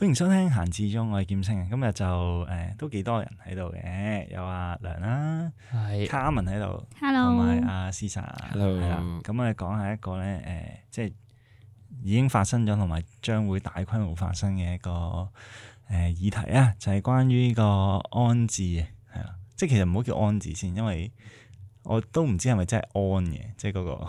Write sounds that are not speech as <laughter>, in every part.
歡迎收聽閒置中，我係劍青啊！今日就誒、呃、都幾多人喺度嘅，有阿、啊、梁啦、啊，係 Carmen 喺度，同埋阿思沙，係啦 Hello。咁我哋講下 Hello 一,一個咧，誒、呃、即係已經發生咗，同埋將會大規模發生嘅一個誒、呃、議題啊，就係、是、關於呢個安置啊，即係其實唔好叫安置先，因為我都唔知係咪真係安嘅，即係嗰、那個。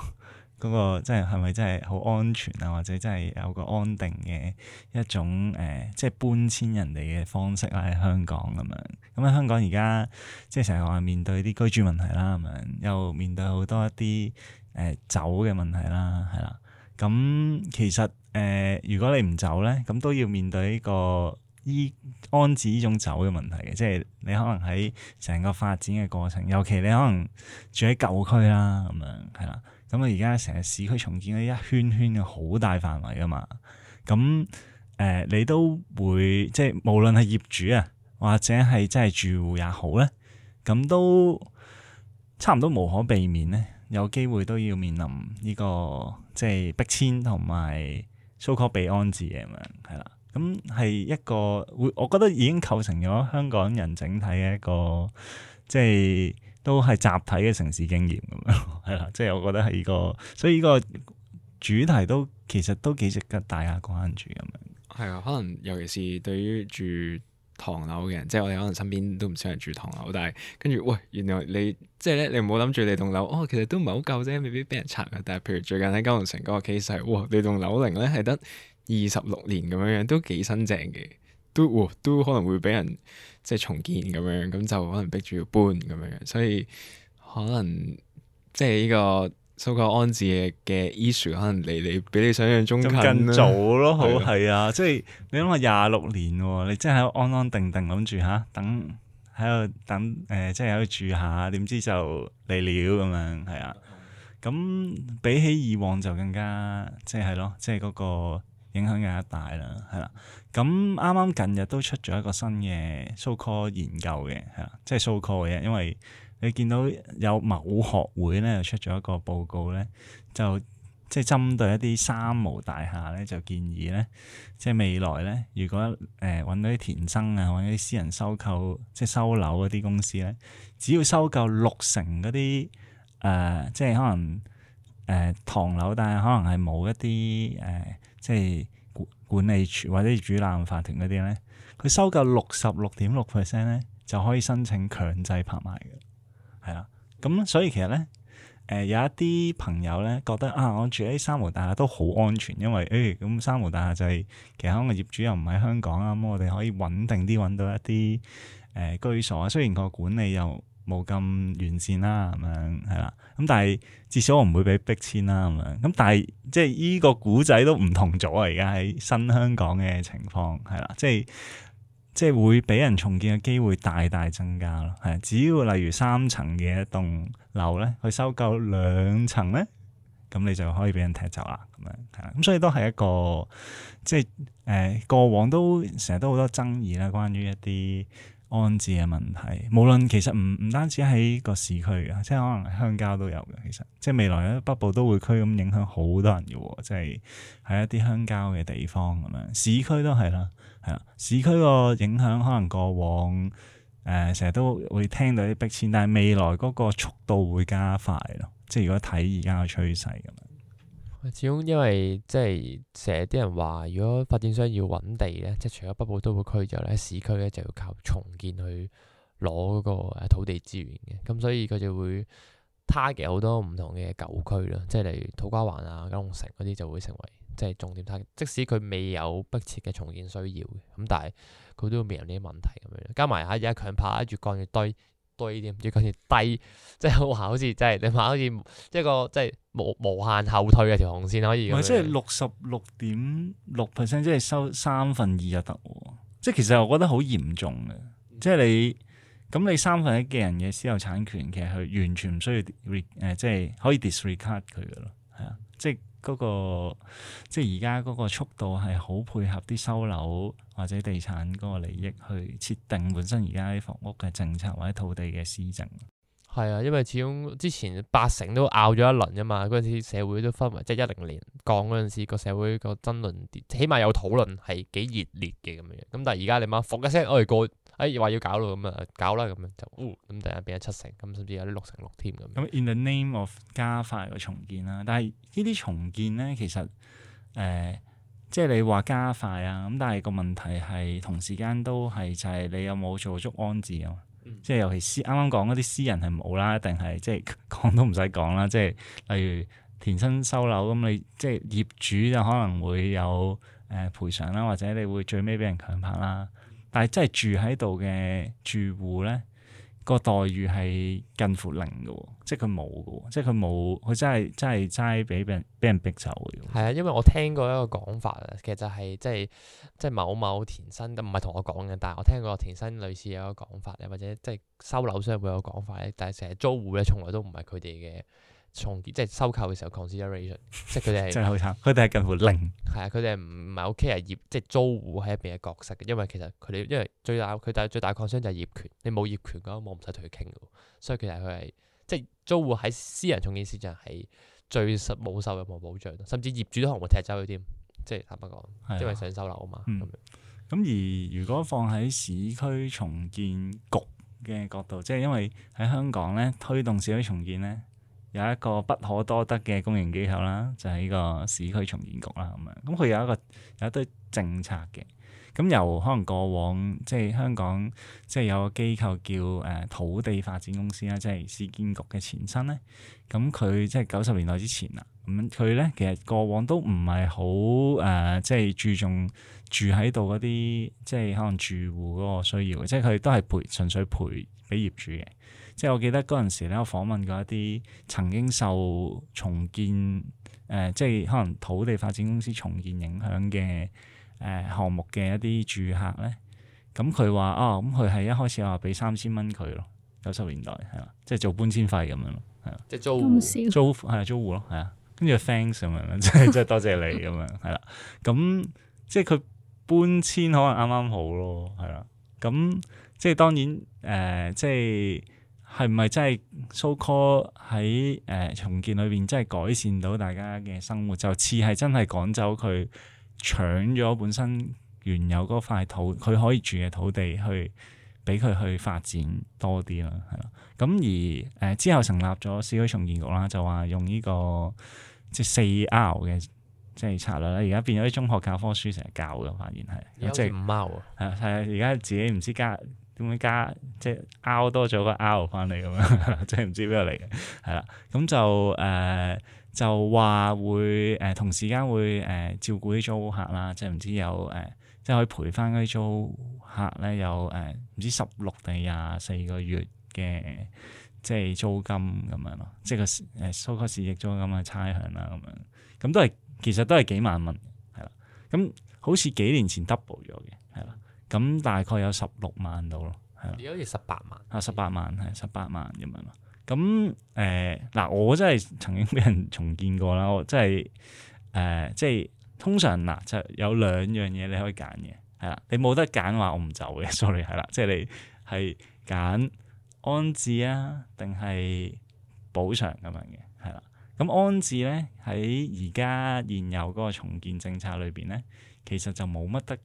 嗰個即係係咪真係好安全啊？或者真係有個安定嘅一種誒，即係搬遷人哋嘅方式啦，喺香港咁樣。咁喺香港而家即係成日話面對啲居住問題啦，咁樣又面對好多一啲誒走嘅問題啦，係啦。咁其實誒，如果你唔走咧，咁都要面對呢個依安置呢種走嘅問題嘅，即係你可能喺成個發展嘅過程，尤其你可能住喺舊區啦，咁樣係啦。咁啊，而家成日市區重建咧，一圈圈嘅好大範圍噶嘛，咁誒、呃，你都會即係無論係業主啊，或者係即係住戶也好咧，咁都差唔多無可避免咧，有機會都要面臨呢個即係迫遷同埋租客被安置嘅咁樣，係啦，咁係一個會，我覺得已經構成咗香港人整體嘅一個即係。都係集體嘅城市經驗咁樣，係 <laughs> 啦，即係我覺得係呢個，所以呢個主題都其實都幾值得大家關注咁樣。係啊、嗯，嗯、可能尤其是對於住唐樓嘅人，即係我哋可能身邊都唔少人住唐樓，但係跟住喂，原來你即係咧，你唔好諗住你棟樓，哦，其實都唔係好夠啫，未必俾人拆嘅。但係譬如最近喺九龍城嗰個 case，哇，你棟樓齡咧係得二十六年咁樣樣，都幾新淨嘅，都、哦、都可能會俾人。即係重建咁樣，咁就可能逼住要搬咁樣，所以可能即係呢個收購安置嘅 issue 可能離你比你想像中近啦、啊。更早咯，好係啊，即係你諗下廿六年，你真係喺度安安定定諗住吓，等喺度等誒、呃，即係喺度住下，點知就嚟了咁樣，係啊，咁比起以往就更加即係咯，即係嗰個。影響嘅一大啦，係啦。咁啱啱近日都出咗一個新嘅 so-called 研究嘅，係啦，即係 so-called 嘅。因為你見到有某學會咧又出咗一個報告咧，就即係針對一啲三無大廈咧，就建議咧，即係未來咧，如果誒揾、呃、到啲田生啊，揾啲私人收購即係收樓嗰啲公司咧，只要收購六成嗰啲誒，即係可能，誒唐樓，但係可能係冇一啲誒、呃，即係管理處或者主辦法團嗰啲咧，佢收夠六十六點六 percent 咧，就可以申請強制拍賣嘅，係啦。咁、嗯、所以其實咧，誒、呃、有一啲朋友咧覺得啊，我住喺三無大廈都好安全，因為誒咁、欸、三無大廈就係、是、其實香港嘅業主又唔喺香港啊，咁、嗯、我哋可以穩定啲揾到一啲誒、呃、居所啊。雖然個管理又冇咁完善啦，咁樣係啦，咁但係至少我唔會俾逼遷啦，咁樣，咁但係即係呢個古仔都唔同咗啊，而家喺新香港嘅情況係啦，即係即係會俾人重建嘅機會大大增加咯，係只要例如三層嘅一棟樓咧，去收購兩層咧，咁你就可以俾人踢走啦，咁樣係啦，咁所以都係一個即係誒、呃、過往都成日都好多爭議啦，關於一啲。安置嘅問題，無論其實唔唔單止喺個市區嘅，即係可能鄉郊都有嘅。其實即係未來北部都會區咁影響好多人嘅、哦、喎，即係喺一啲鄉郊嘅地方咁樣，市區都係啦，係啊，市區個影響可能過往誒成日都會聽到啲逼遷，但係未來嗰個速度會加快咯，即係如果睇而家嘅趨勢咁樣。始終因為即係成日啲人話，如果發展商要揾地咧，即係除咗北部都會區之外咧，市區咧就要靠重建去攞嗰個土地資源嘅，咁所以佢就會 target 好多唔同嘅舊區咯，即係例如土瓜灣啊、九龍城嗰啲就會成為即係重點 target，即使佢未有迫切嘅重建需要嘅，咁但係佢都會面臨呢啲問題咁樣，加埋嚇而家強拍越幹越堆。過啲唔知，好似低，即係話好似真係你話好似即係個即係無無限後退嘅條紅線可以，唔係即係六十六點六 percent，即係收三分二就得，即係其實我覺得好嚴重嘅，即係你咁你三分一嘅人嘅私有產權，其實係完全唔需要誒、呃，即係可以 discard 佢嘅咯，係啊，即係。嗰個即係而家嗰個速度係好配合啲收樓或者地產嗰個利益去設定本身而家啲房屋嘅政策或者土地嘅施政。係啊，因為始終之前八成都拗咗一輪啊嘛，嗰陣時社會都分為即係一零年講嗰陣時個社會個爭論點，起碼有討論係幾熱烈嘅咁樣。咁但係而家你媽放一聲，我哋個～哎，話要搞咯咁啊，搞啦咁樣就，咁突然變咗七成，咁甚至有啲六成六添咁。咁 in the name of 加快個重建啦，但係呢啲重建咧，其實誒、呃，即係你話加快啊，咁但係個問題係同時間都係就係你有冇做足安置啊？即係、嗯、尤其是啱啱講嗰啲私人係冇啦，一定係即係講都唔使講啦。即係例如田生收樓，咁你即係業主就可能會有誒、呃、賠償啦，或者你會最尾俾人強拍啦。嗯。但係真係住喺度嘅住戶咧，個待遇係近乎零嘅，即係佢冇嘅，即係佢冇，佢真係真係齋俾人俾人逼走嘅。係啊，因為我聽過一個講法啊，其實係即係即係某某田生唔係同我講嘅，但係我聽過田生類似有一個講法咧，或者即係收樓商會有講法咧，但係成日租戶咧從來都唔係佢哋嘅。重建即係收購嘅時候，consideration 即係佢哋真係好慘，佢哋係近乎零，係啊。佢哋唔唔係屋企人業，即係租戶喺入面嘅角色嘅，因為其實佢哋因為最大佢哋最大 concern 就係業權，你冇業權嘅話，我唔使同佢傾嘅。所以其實佢係即係租戶喺私人重建市場係最實冇受任何保障，甚至業主都可能會踢走佢添，即係坦白講，的因為想收樓啊嘛。咁咁、嗯樣嗯、而如果放喺市區重建局嘅角度，即係因為喺香港咧推動市區重建咧。有一個不可多得嘅公營機構啦，就係、是、呢個市區重建局啦，咁樣。咁佢有一個有一堆政策嘅。咁由可能過往，即係香港，即係有個機構叫誒、呃、土地發展公司啦，即係市建局嘅前身咧。咁佢即係九十年代之前啦，咁佢咧其實過往都唔係好誒，即係注重住喺度嗰啲，即係可能住戶嗰個需要，即係佢都係賠純粹賠俾業主嘅。即係我記得嗰陣時咧，我訪問過一啲曾經受重建誒、呃，即係可能土地發展公司重建影響嘅誒、呃、項目嘅一啲住客咧，咁佢話哦，咁佢係一開始話俾三千蚊佢咯，九十年代係啦，即係做搬遷費咁樣咯，係啊，即係租租係租戶咯，係啊，跟住就，「Thanks 咁樣，即係即係多謝你咁樣，係啦，咁、嗯、即係佢搬遷可能啱啱好咯，係啦，咁、嗯、即係當然誒、呃，即係。係唔係真係 so call 喺誒重建裏邊真係改善到大家嘅生活？就似係真係趕走佢，搶咗本身原有嗰塊土，佢可以住嘅土地去俾佢去發展多啲啦，係啦。咁而誒、呃、之後成立咗市區重建局啦，就話用呢、這個即係四 R 嘅即係策略啦。而家變咗啲中學教科書成日教嘅，發現係。即係五 R！係啊，而家自己唔知家。點會加即係 out 多咗個 out 翻嚟咁樣，即係唔 <laughs> 知邊度嚟嘅，係啦。咁就誒、呃、就話會誒、呃、同時間會誒、呃、照顧啲租客啦，即係唔知有誒、呃，即係可以賠翻嗰啲租客咧有誒唔、呃、知十六定廿四個月嘅即係租金咁樣咯，即係個誒收購市值租金嘅差餉啦咁樣。咁都係其實都係幾萬蚊，係啦。咁好似幾年前 double 咗嘅。咁大概有十六萬到咯，係啊，而家係十八萬，嚇十八萬係十八萬咁樣咯。咁誒嗱，我真係曾經俾人重建過啦，我真係誒、呃，即係通常嗱就有兩樣嘢你可以揀嘅，係啦，你冇得揀話我唔走嘅，sorry 係啦，即係、就是、你係揀安置啊定係補償咁樣嘅，係啦。咁安置咧喺而家現有嗰個重建政策裏邊咧，其實就冇乜得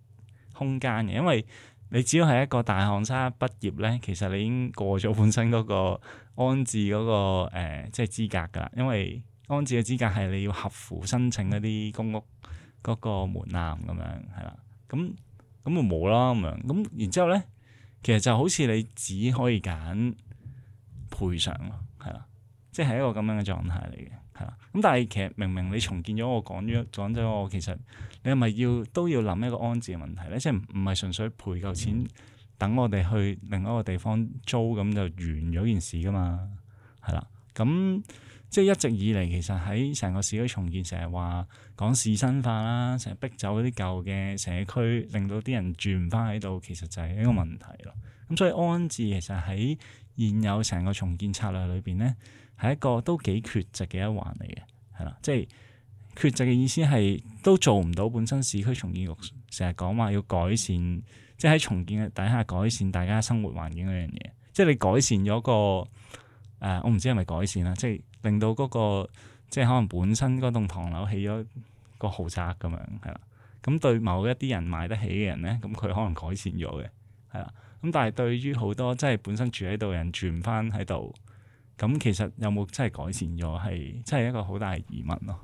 空間嘅，因為你只要係一個大學生畢業咧，其實你已經過咗本身嗰個安置嗰、嗰個、呃、即係資格噶啦。因為安置嘅資格係你要合符申請嗰啲公屋嗰個門檻咁樣，係啦。咁咁咪冇啦咁樣。咁然之後咧，其實就好似你只可以揀賠償咯，係啦，即係一個咁樣嘅狀態嚟嘅。係啦，咁但係其實明明你重建咗，講講我講咗講咗，我其實你係咪要都要諗一個安置嘅問題咧？即係唔唔係純粹賠夠錢，等我哋去另一個地方租咁就完咗件事㗎嘛？係啦，咁即係一直以嚟，其實喺成個市區重建成日話講仕紳化啦，成日逼走啲舊嘅社區，令到啲人住唔翻喺度，其實就係一個問題咯。咁、嗯、所以安置其實喺現有成個重建策略裏邊咧。係一個都幾缺失嘅一環嚟嘅，係啦，即係缺失嘅意思係都做唔到。本身市區重建局成日講話要改善，即係喺重建嘅底下改善大家生活環境嗰樣嘢。即係你改善咗個誒、呃，我唔知係咪改善啦，即係令到嗰個即係可能本身嗰棟唐樓起咗個豪宅咁樣，係啦。咁對某一啲人買得起嘅人咧，咁佢可能改善咗嘅，係啦。咁但係對於好多即係本身住喺度嘅人住，住唔翻喺度，咁其實有冇真係改善咗？係真係一個好大嘅疑問咯。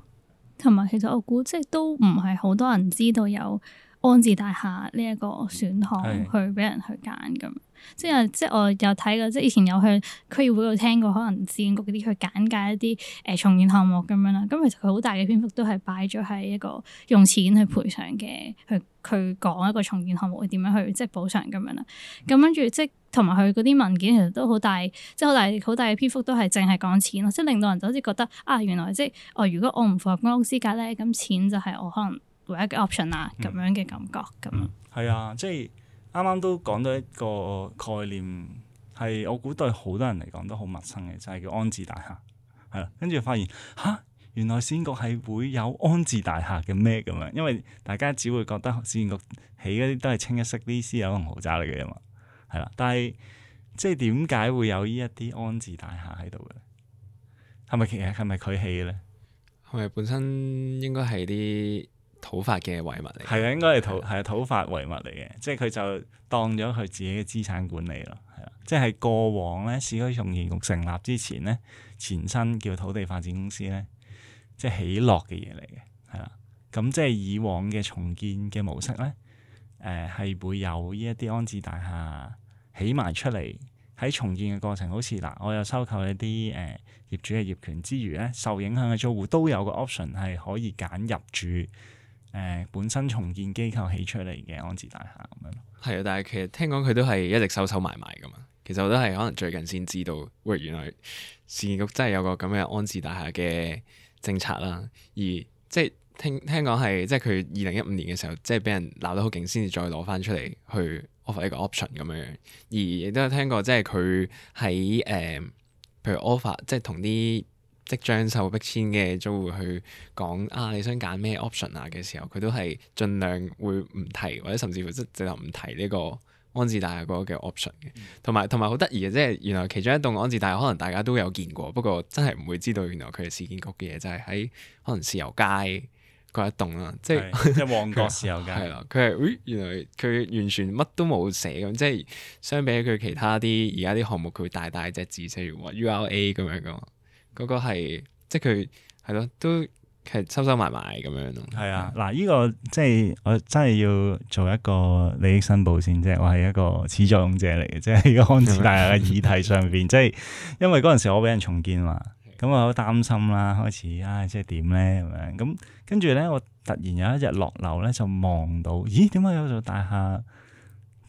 同埋其實我估即係都唔係好多人知道有安置大廈呢一個選項去俾人去揀咁。即係即係我有睇過，即係以前有去區議會度聽過，可能市建局嗰啲去簡介一啲誒、呃、重建項目咁樣啦。咁其實佢好大嘅篇幅都係擺咗喺一個用錢去賠償嘅，去佢講一個重建項目會點樣去即係補償咁樣啦。咁跟住即係同埋佢嗰啲文件其實都好大，即係好大好大嘅篇幅都係淨係講錢咯。即係令到人就好似覺得啊，原來即係我、呃、如果我唔符合公屋資格咧，咁錢就係我可能唯一嘅 option 啦咁、嗯、樣嘅感覺咁。係啊，即係。啱啱都講到一個概念，係我估對好多人嚟講都好陌生嘅，就係叫安置大廈，係啦。跟住發現嚇，原來市建局係會有安置大廈嘅咩咁樣？因為大家只會覺得市建局起嗰啲都係清一色啲私有豪宅嚟嘅嘛，係啦。但係即係點解會有呢一啲安置大廈喺度嘅咧？係咪其實係咪佢起嘅咧？係咪本身應該係啲？土法嘅遺物嚟，係啊， <noise> 應該係土係土法遺物嚟嘅，即係佢就當咗佢自己嘅資產管理咯，係啊，即係過往咧，市區重建局成立之前咧，前身叫土地發展公司咧，即係起落嘅嘢嚟嘅，係啦，咁即係以往嘅重建嘅模式咧，誒、呃、係會有呢一啲安置大廈起埋出嚟，喺重建嘅過程，好似嗱，我有收購一啲誒、呃、業主嘅業權之餘咧，受影響嘅租戶都有個 option 係可以揀入住。本身重建機構起出嚟嘅安置大廈咁樣，係 <noise> 啊，但係其實聽講佢都係一直收收埋埋噶嘛。其實我都係可能最近先知道，喂、哎，原來市建局真係有個咁嘅安置大廈嘅政策啦。而即係聽聽講係即係佢二零一五年嘅時候，即係俾人鬧得好勁，先至再攞翻出嚟去 offer 一個 option 咁樣。而亦都有聽過即係佢喺誒，譬如 offer 即係同啲，即將受迫遷嘅租戶去講啊，你想揀咩 option 啊嘅時候，佢都係盡量會唔提，或者甚至乎即係直頭唔提呢個安置大廈嗰個嘅 option 嘅。同埋同埋好得意嘅，即係原來其中一棟安置大廈可能大家都有見過，不過真係唔會知道原來佢係市建局嘅嘢，就係喺可能豉油街嗰一棟啦，即係旺角豉油街。係啦，佢係咦？原來佢完全乜都冇寫咁，即係相比起佢其他啲而家啲項目，佢大大隻字，譬如話 URA 咁樣噶。嗰個係即係佢係咯，都其實收收埋埋咁樣咯。係啊，嗱依、依個即係我真係要做一個利益申報先，即係我係一個始作俑者嚟嘅，即係依個安置大廈嘅議題上邊， <laughs> 即係因為嗰陣時我俾人重建嘛，咁我好擔心啦，開始唉、哎，即係點咧咁樣，咁跟住咧我突然有一日落樓咧就望到，咦點解有座大廈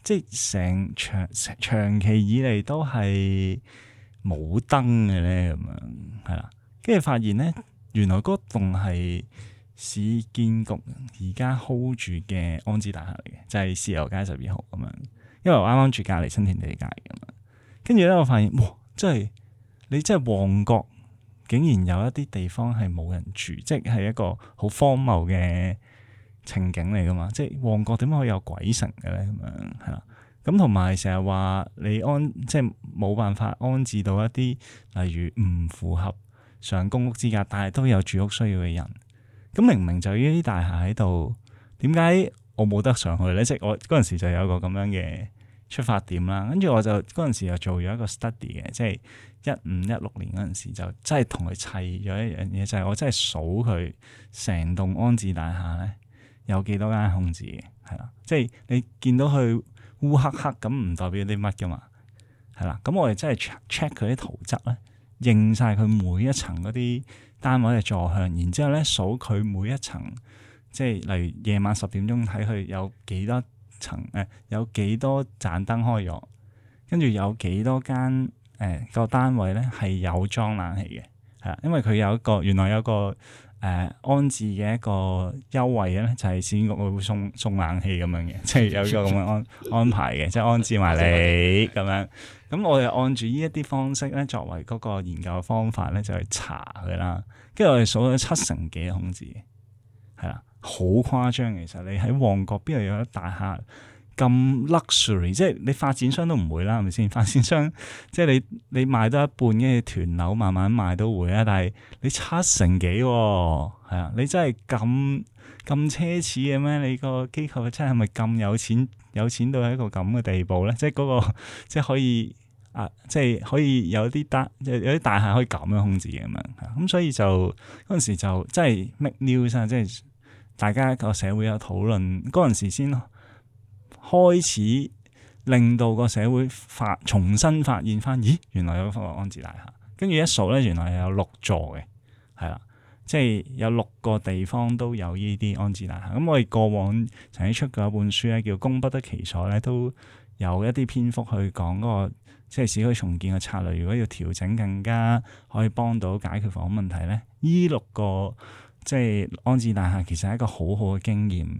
即係成長長期以嚟都係？冇燈嘅咧咁樣，係啦，跟住發現咧，原來嗰棟係市建局而家 hold 住嘅安置大廈嚟嘅，就係豉油街十二號咁樣。因為我啱啱住隔離新填地街咁嘛，跟住咧我發現，哇！即係你即係旺角，竟然有一啲地方係冇人住，即係一個好荒謬嘅情景嚟噶嘛。即係旺角點解可以有鬼城嘅咧咁樣，係啦。咁同埋成日話你安即係冇辦法安置到一啲例如唔符合上公屋資格，但係都有住屋需要嘅人。咁明明就呢啲大廈喺度，點解我冇得上去咧？即係我嗰陣時就有一個咁樣嘅出發點啦。跟住我就嗰陣時又做咗一個 study 嘅，即係一五一六年嗰陣時就真係同佢砌咗一樣嘢，就係、是、我真係數佢成棟安置大廈咧有幾多間空置嘅，係啦，即係你見到佢。烏黑黑咁唔代表啲乜噶嘛，係啦，咁我哋真係 check check 佢啲圖則咧，認晒佢每一層嗰啲單位嘅坐向，然之後咧數佢每一層，即係例如夜晚十點鐘睇佢有幾多層誒、呃，有幾多盞燈開咗，跟住有幾多間誒、呃那個單位咧係有裝冷氣嘅，係啦，因為佢有一個原來有一個。誒、呃、安置嘅一個優惠嘅咧，就係、是、市建局會送送冷氣咁樣嘅，即、就、係、是、有個咁樣安 <laughs> 安排嘅，即、就、係、是、安置埋你咁樣。咁我哋按住呢一啲方式咧，作為嗰個研究方法咧，就是、去查佢啦。跟住我哋數咗七成幾空置，係啊，好誇張。其實你喺旺角邊度有一大客。咁 luxury，即係你發展商都唔會啦，係咪先？發展商即係你，你賣得一半跟住團樓，慢慢賣都會啊。但係你七成幾喎、哦，係啊？你真係咁咁奢侈嘅咩？你個機構嘅真係咪咁有錢？有錢到係一個咁嘅地步咧？即係嗰、嗰個，即係可以啊，即係可以有啲大有啲大廈可以咁樣控制嘅嘛。咁、啊嗯、所以就嗰陣時就即係 make news 啊，即係大家個社會有討論嗰陣時先。開始令到個社會發重新發現翻，咦？原來有個安置大廈，跟住一數咧，原來有六座嘅，係啦，即係有六個地方都有呢啲安置大廈。咁、嗯、我哋過往曾經出過一本書咧，叫《功不得其所》咧，都有一啲篇幅去講嗰、嗰個即係市區重建嘅策略。如果要調整更加可以幫到解決房屋問題咧，依六個即係安置大廈其實係一個好好嘅經驗，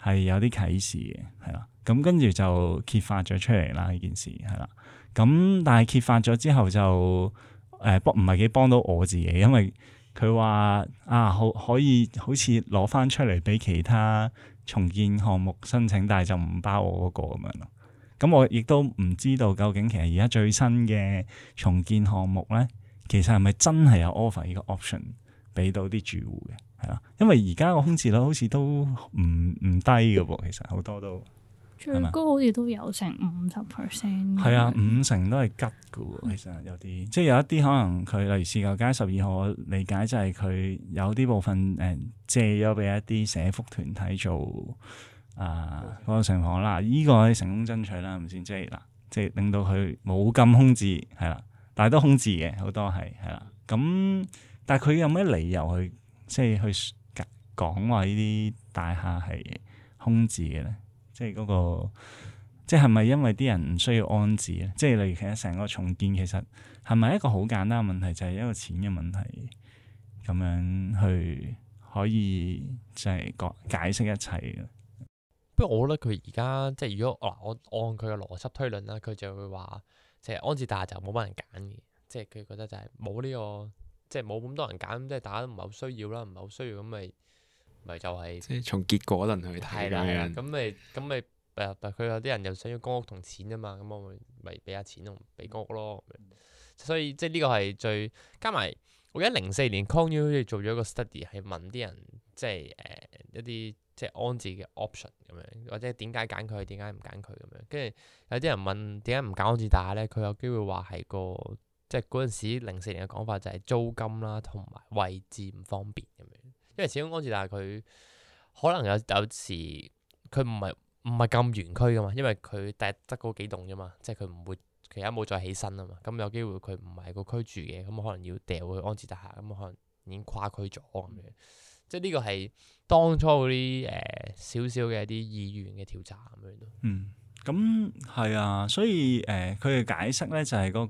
係有啲啟示嘅，係啦。咁跟住就揭發咗出嚟啦，呢件事係啦。咁但係揭發咗之後就，誒、呃，幫唔係幾幫到我自己，因為佢話啊，好，可以好似攞翻出嚟俾其他重建項目申請，但係就唔包我嗰個咁樣咯。咁我亦都唔知道究竟其實而家最新嘅重建項目咧，其實係咪真係有 offer 呢個 option 俾到啲住戶嘅？係啦，因為而家個空置率好似都唔唔低嘅噃，其實好多都。最高好似都有成五十 percent，係啊，五成都係吉嘅喎。其實有啲，即係有一啲可能佢，例如市滘街十二號，我理解就係佢有啲部分誒、嗯、借咗俾一啲社福團體做啊，啊、這個情房啦。依個可以成功爭取啦，係咪先？即係嗱、啊，即係令到佢冇咁空置係啦，但係都係空置嘅好多係係啦。咁、啊、但係佢有咩理由去即係去講話呢啲大廈係空置嘅咧？即係嗰、那個，即係係咪因為啲人唔需要安置啊？即係例如其實成個重建其實係咪一個好簡單嘅問題，就係、是、一個錢嘅問題，咁樣去可以就係解解釋一切嘅。不過我覺得佢而家即係如果嗱，我按佢嘅邏輯推論啦，佢就會話即係安置大廈就冇乜人揀嘅。即係佢覺得就係冇呢個，即係冇咁多人揀，即係大家都唔係好需要啦，唔係好需要咁咪。咪就係即係從結果嚟去睇啦。咁咪咁咪，誒佢有啲人又想要公屋同錢啊嘛。咁我咪咪俾下錢同俾公屋咯。所以即係呢個係最加埋。我記得零四年 Conu 好似做咗一個 study 係問啲人，即係誒一啲即係安置嘅 option 咁樣，或者點解揀佢，點解唔揀佢咁樣。跟住有啲人問點解唔揀安置，但係咧佢有機會話係個即係嗰陣時零四年嘅講法就係租金啦同埋位置唔方便咁樣。因為始終安置大廈佢可能有有時佢唔係唔係咁原區㗎嘛，因為佢掟得嗰幾棟啫嘛，即係佢唔會其他冇再起身啊嘛。咁有機會佢唔係個區住嘅，咁可能要掉去安置大廈，咁可能已經跨區咗咁樣。嗯、即係呢個係當初嗰啲誒少少嘅一啲議員嘅調查咁樣咯、嗯。嗯，咁係啊，所以誒佢嘅解釋咧就係嗰、嗰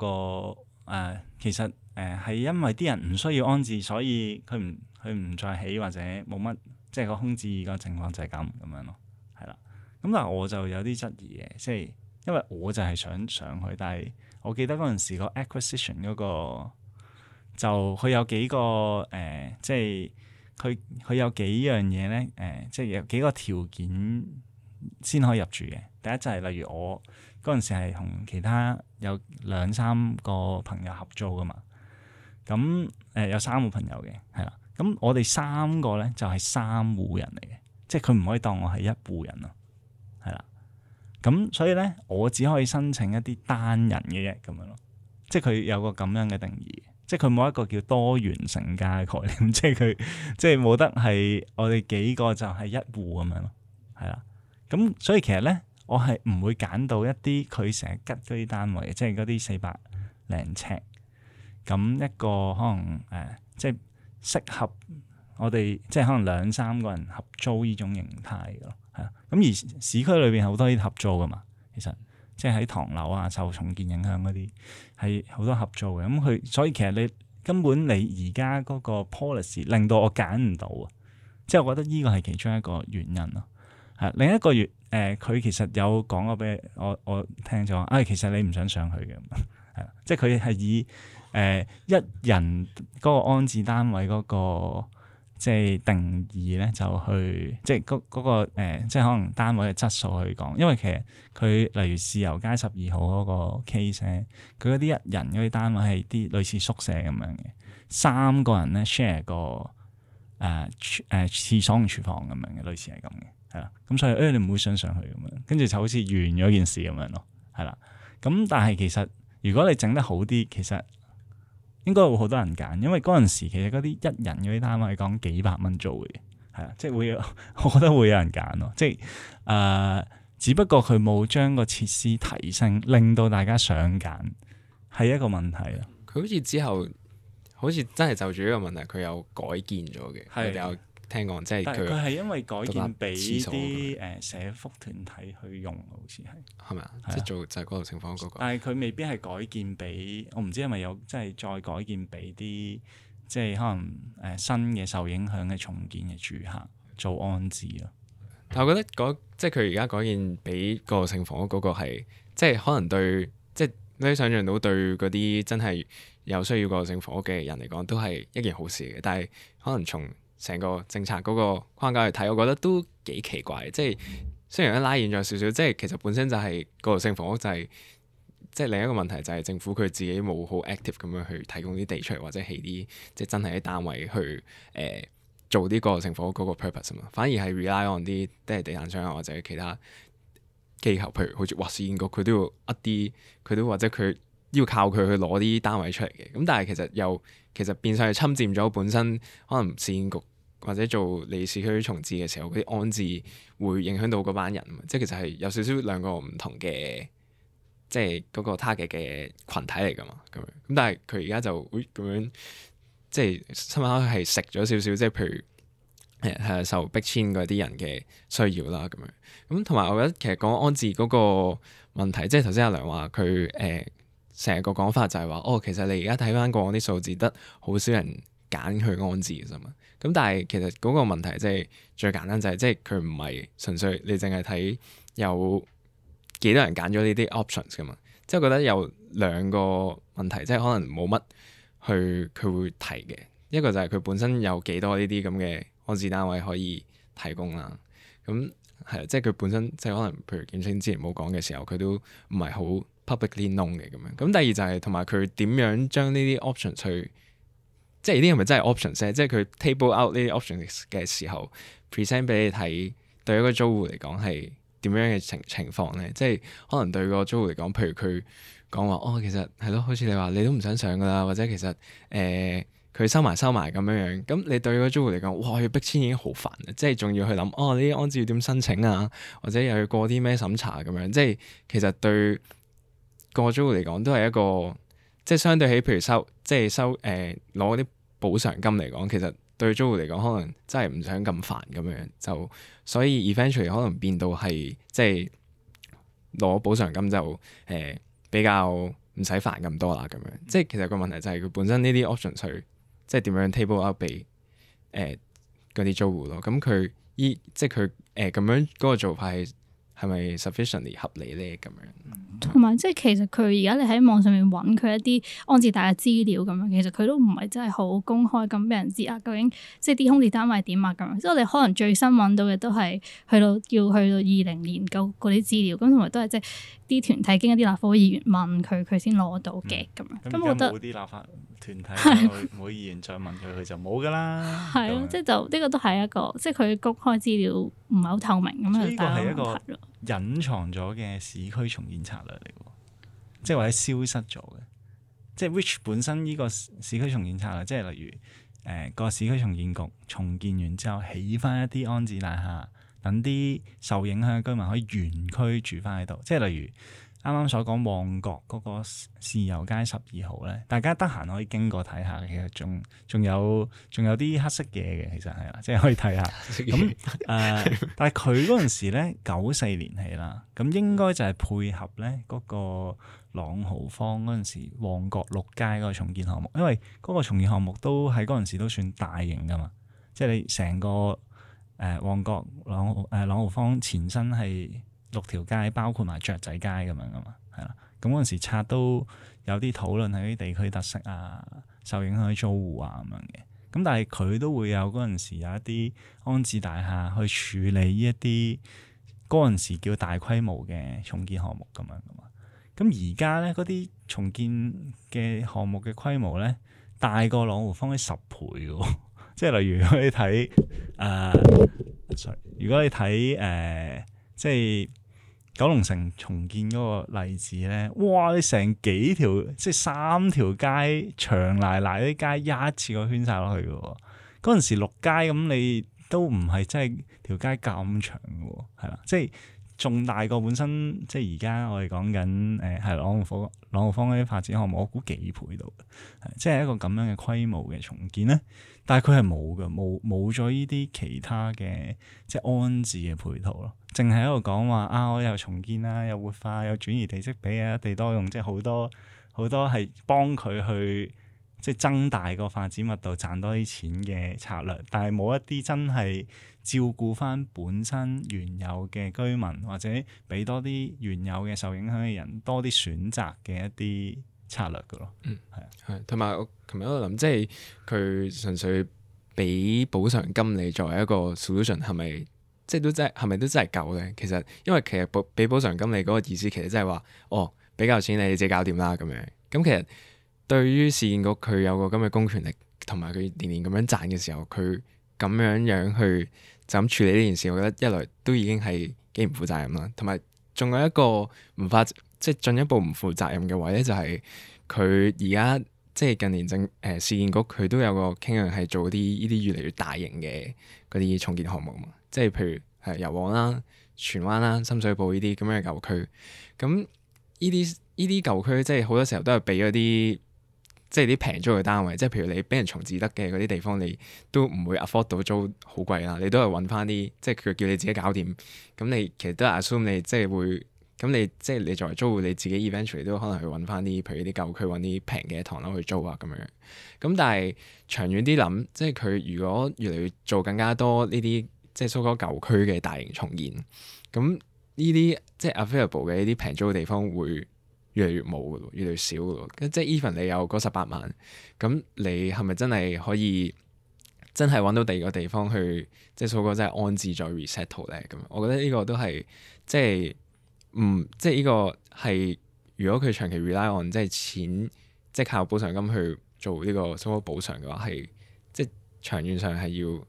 個。誒、呃、其實誒係、呃、因為啲人唔需要安置，所以佢唔佢唔再起或者冇乜，即係個空置個情況就係咁咁樣咯，係啦。咁但係我就有啲質疑嘅，即係因為我就係想上去，但係我記得嗰陣時 Ac、個 acquisition 嗰個就佢有幾個誒、呃，即係佢佢有幾樣嘢咧誒，即係有幾個條件。先可以入住嘅。第一就係，例如我嗰陣時係同其他有兩三個朋友合租噶嘛。咁誒、呃、有三個朋友嘅，係啦。咁我哋三個咧就係、是、三戶人嚟嘅，即係佢唔可以當我係一戶人咯，係啦。咁所以咧，我只可以申請一啲單人嘅啫，咁樣咯。即係佢有個咁樣嘅定義，即係佢冇一個叫多元成家嘅概念，即係佢即係冇得係我哋幾個就係一戶咁樣咯，係啦。咁所以其實咧，我係唔會揀到一啲佢成日吉嗰啲單位，即係嗰啲四百零尺，咁一個可能誒，即係適合我哋，即係可能兩三個人合租呢種形態咯。係啊，咁而市區裏邊好多啲合租噶嘛，其實即係喺唐樓啊，受重建影響嗰啲係好多合租嘅。咁佢所以其實你根本你而家嗰個 policy 令到我揀唔到啊，即係我覺得呢個係其中一個原因咯。係另一個月，誒、呃、佢其實有講過俾我我，我聽咗，啊、哎、其實你唔想上去嘅，係 <laughs> 即係佢係以誒、呃、一人嗰個安置單位嗰、那個即係定義咧，就去即係嗰嗰個、呃、即係可能單位嘅質素去講。因為其實佢例如豉油街十二號嗰個 case，佢嗰啲一人嗰啲單位係啲類似宿舍咁樣嘅，三個人咧 share 個誒誒廁所同廚房咁樣嘅，類似係咁嘅。係啦，咁所以誒、哎，你唔會想上去咁樣，跟住就好似完咗件事咁樣咯，係啦。咁但係其實如果你整得好啲，其實應該會好多人揀，因為嗰陣時其實嗰啲一人嗰啲單位講幾百蚊租嘅，係啊，即係會有，我覺得會有人揀咯，即係誒、呃，只不過佢冇將個設施提升，令到大家想揀係一個問題啊。佢好似之後好似真係就住呢個問題，佢有改建咗嘅，係有。聽講即係佢，係佢係因為改建俾啲誒社福團體去用，好似係，係咪啊？即係做就係過渡性房屋嗰、嗰個。但係佢未必係改建俾，我唔知係咪有即係再改建俾啲即係可能誒、呃、新嘅受影響嘅重建嘅住客做安置囉。但我覺得即係佢而家改建俾過渡性房屋嗰個係即係可能對即係、就係、你想象到對嗰啲真係有需要過渡性房屋嘅人嚟講都係一件好事嘅，但係可能從成個政策嗰個框架去睇，我覺得都幾奇怪，即係雖然拉一拉遠咗少少，即係其實本身就係過渡性房屋、就是，就係即係另一個問題就係政府佢自己冇好 active 咁樣去提供啲地出嚟，或者起啲即係真係喺單位去誒、呃、做啲個過渡性房屋嗰個 purpose 啊嘛。反而係 rely on 啲即係地產商或者其他機構，譬如好似華士建築，佢都要一啲，佢都或者佢。要靠佢去攞啲單位出嚟嘅，咁但係其實又其實變相係侵佔咗本身可能市建局或者做離市區重置嘅時候嗰啲安置，會影響到嗰班人，即係其實係有少少兩個唔同嘅，即係嗰個 target 嘅群體嚟噶嘛。咁樣咁，但係佢而家就會咁、哎、樣，即係新聞係食咗少少，即係譬如誒、呃、受逼遷嗰啲人嘅需要啦。咁樣咁同埋，我覺得其實講安置嗰個問題，即係頭先阿梁話佢誒。呃成個講法就係話，哦，其實你而家睇翻過往啲數字，得好少人揀佢安置嘅啫嘛。咁但係其實嗰個問題即係最簡單就係，即係佢唔係純粹你淨係睇有幾多人揀咗呢啲 options 㗎嘛。即係覺得有兩個問題，即係可能冇乜去佢會提嘅。一個就係佢本身有幾多呢啲咁嘅安置單位可以提供啦。咁係啊，即係佢本身即係可能，譬如劍青之前冇講嘅時候，佢都唔係好。publicly known 嘅咁樣，咁第二就係同埋佢點樣將呢啲 options 去，即係呢啲係咪真係 options？即係佢 table out 呢啲 options 嘅時候 present 俾你睇，對一個租戶嚟講係點樣嘅情情況咧？即係可能對個租戶嚟講，譬如佢講話，哦，其實係咯，好似你話你都唔想上噶啦，或者其實誒佢、呃、收埋收埋咁樣樣，咁你對個租戶嚟講，哇要逼遷已經好煩啦，即係仲要去諗哦呢啲安置要點申請啊，或者又要過啲咩審查咁樣，即係其實對，個租戶嚟講都係一個，即係相對起譬如收，即係收誒攞啲補償金嚟講，其實對租戶嚟講可能真係唔想咁煩咁樣，就所以 eventually 可能變到係即係攞補償金就誒、呃、比較唔使煩咁多啦咁樣。即係其實個問題就係佢本身呢啲 options 去即係點樣 table up 俾誒嗰啲租戶咯。咁佢依即係佢誒咁樣嗰個做法係。係咪 sufficiently 合理咧？咁樣、嗯，同埋即係其實佢而家你喺網上面揾佢一啲安置大廈嘅資料咁樣，其實佢都唔係真係好公開咁俾人知啊。究竟即係啲空置單位點啊？咁樣，即係我哋可能最新揾到嘅都係去到要去到二零年舊嗰啲資料，咁同埋都係即係。啲團體經一啲立法會議員問佢，佢先攞到嘅咁、嗯、樣。咁即係冇啲立法團體冇議員再問佢，佢就冇噶啦。係咯的，樣即係就呢、這個都係一個，即係佢公開資料唔係好透明咁樣。但呢個係一個隱藏咗嘅市區重建策略嚟㗎，即係、嗯、或者消失咗嘅。即係 which 本身呢個市區重建策略，即係例如誒個、呃、市區重建局重建完之後起翻一啲安置大廈。等啲受影響嘅居民可以原區住翻喺度，即係例如啱啱所講旺角嗰個豉油街十二號咧，大家得閒可以經過睇下，其實仲仲有仲有啲黑色嘢嘅，其實係啦，即係可以睇下。咁誒，但係佢嗰陣時咧，九四年起啦，咁應該就係配合咧嗰個朗豪坊嗰陣時旺角六街嗰個重建項目，因為嗰個重建項目都喺嗰陣時都算大型㗎嘛，即係你成個。誒、呃、旺角朗誒、呃、朗豪坊前身係六條街，包括埋雀仔街咁樣噶嘛，係啦。咁嗰陣時拆都有啲討論喺地區特色啊，受影響啲租戶啊咁樣嘅。咁但係佢都會有嗰陣時有一啲安置大廈去處理呢一啲嗰陣時叫大規模嘅重建項目咁樣噶嘛。咁而家咧，嗰啲重建嘅項目嘅規模咧，大過朗豪坊嘅十倍嘅喎、哦。即係例如、呃，如果你睇誒，如果你睇誒，即係九龍城重建嗰個例子咧，哇！你成幾條，即係三條街長瀨瀨啲街一次過圈晒落去嘅喎、哦。嗰陣時六街咁，你都唔係真係條街咁長嘅喎、哦，啦。即係仲大過本身，即係而家我哋講緊誒，係、呃、朗豪坊朗豪坊嗰啲發展項目，我估幾倍到，即係一個咁樣嘅規模嘅重建咧。但係佢係冇㗎，冇冇咗依啲其他嘅即係安置嘅配套咯，淨係喺度講話啊，我又重建啦，又活化，又轉移地積比啊，一地多用，即係好多好多係幫佢去即係增大個發展密度，賺多啲錢嘅策略。但係冇一啲真係照顧翻本身原有嘅居民，或者俾多啲原有嘅受影響嘅人多啲選擇嘅一啲策略嘅咯，嗯，係啊係，同埋我琴日喺度諗，即係佢純粹俾補償金你作為一個 solution，係咪即係都真係係咪都真係夠咧？其實因為其實補俾補償金你嗰個意思，其實真係話哦，俾夠錢你自己搞掂啦咁樣。咁其實對於市建局佢有個咁嘅公權力，同埋佢年年咁樣賺嘅時候，佢咁樣樣去就咁處理呢件事，我覺得一來都已經係幾唔負責任啦，同埋仲有一個唔發。即係進一步唔負責任嘅位咧，就係佢而家即係近年政、誒市建局佢都有個傾向係做啲呢啲越嚟越大型嘅嗰啲重建項目嘛。即係譬如係油旺啦、荃灣啦、深水埗呢啲咁樣嘅舊區。咁呢啲依啲舊區即係好多時候都係俾嗰啲即係啲平租嘅單位。即係譬如你俾人重置得嘅嗰啲地方，你都唔會 afford 到租好貴啦。你都係揾翻啲即係，佢叫你自己搞掂。咁你其實都係 assume 你即係會。咁你即係、就是、你作為租戶，你自己 eventually 都可能去揾翻啲，譬如啲舊區揾啲平嘅唐樓去租啊咁樣。咁但係長遠啲諗，即係佢如果越嚟越做更加多呢啲，即係蘇哥舊區嘅大型重建，咁呢啲即係 affordable 嘅呢啲平租嘅地方會越嚟越冇嘅，越嚟越少嘅。即係 even 你有嗰十八萬，咁你係咪真係可以真係揾到第二個地方去，即係蘇哥真係安置再 resettle 咧？咁我覺得呢個都係即係。嗯，即係呢個係，如果佢長期 rely on 即係錢，即係靠補償金去做呢個生活補償嘅話，係即係長遠上係要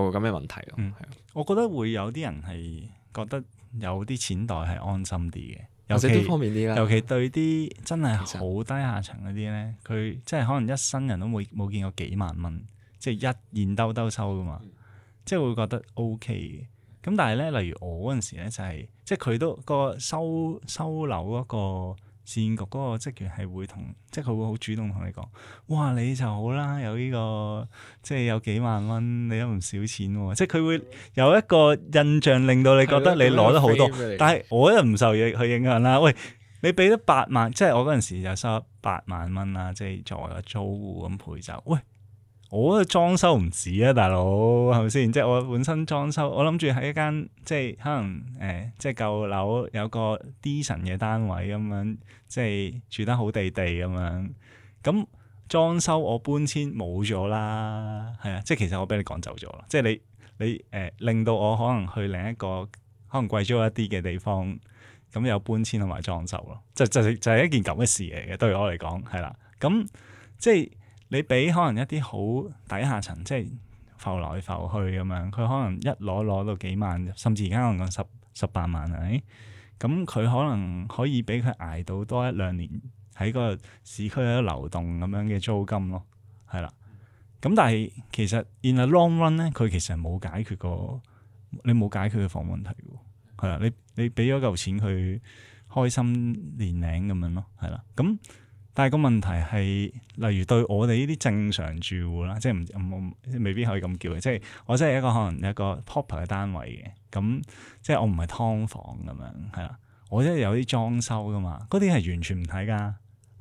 有個咁嘅問題咯。嗯，係啊，我覺得會有啲人係覺得有啲錢袋係安心啲嘅，尤其，尤其方便啲啦。尤其對啲真係好低下層嗰啲咧，佢其實 即係可能一生人都冇冇見過幾萬蚊，即係一現兜兜收噶嘛，即係會覺得 OK 嘅。咁但係咧，例如我嗰陣時咧就係，即係佢都收收樓嗰個市建局嗰個職員係會同，即係佢會好主動同你講，哇你就好啦，有呢個即係有幾萬蚊，你都唔少錢喎，即係佢會有一個印象令到你覺得你攞得好多，但係我又唔受佢影響啦。喂，你俾咗八萬，即係我嗰陣時就收八萬蚊啦，即係作為個租戶咁賠就。喂。我覺得裝修唔止啊，大佬，係咪先？即係我本身裝修，我諗住喺一間即係可能誒、欸，即係舊樓有個 decent 嘅單位咁樣，即係住得好地地咁樣。咁、嗯、裝修我搬遷冇咗啦，係啊，即係其實我俾你趕走咗啦。即係你你誒、欸、令到我可能去另一個可能貴咗一啲嘅地方，咁、嗯、有搬遷同埋裝修咯，就就就係、是、一件咁嘅事嚟嘅。對我嚟講係啦，咁、嗯、即係。你俾可能一啲好底下層，即係浮來浮去咁樣，佢可能一攞攞到幾萬，甚至而家可能講十十八萬，係咪，咁佢可能可以俾佢捱到多一兩年喺個市區嘅流動咁樣嘅租金咯，係啦。咁、嗯、但係其實 in a long run 咧，佢其實係冇解決過你冇解決嘅房問題嘅，係啦。你你俾咗嚿錢佢開心年零咁樣咯，係啦。咁、嗯。嗯但係個問題係，例如對我哋呢啲正常住戶啦，即係唔唔未必可以咁叫嘅，即係我真係一個可能一個 proper 嘅單位嘅，咁即係我唔係劏房咁樣，係啦，我即係有啲裝修㗎嘛，嗰啲係完全唔睇㗎，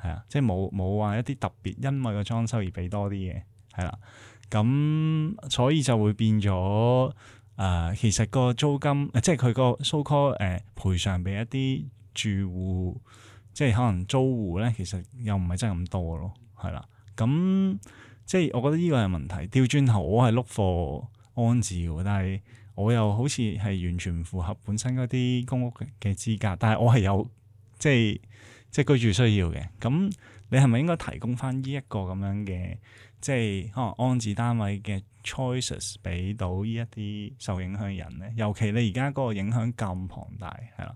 係啊，即係冇冇話一啲特別，因為個裝修而俾多啲嘅，係啦，咁所以就會變咗誒、呃，其實個租金、呃、即係佢個 so-called 誒賠償俾一啲住戶。即係可能租戶咧，其實又唔係真係咁多咯，係啦。咁、嗯、即係我覺得呢個係問題。掉轉頭，我係碌貨安置嘅，但係我又好似係完全唔符合本身嗰啲公屋嘅資格。但係我係有即係即係居住需要嘅。咁、嗯、你係咪應該提供翻呢一個咁樣嘅即係可能安置單位嘅 choices 俾到呢一啲受影響人咧？尤其你而家個影響咁龐大，係啦。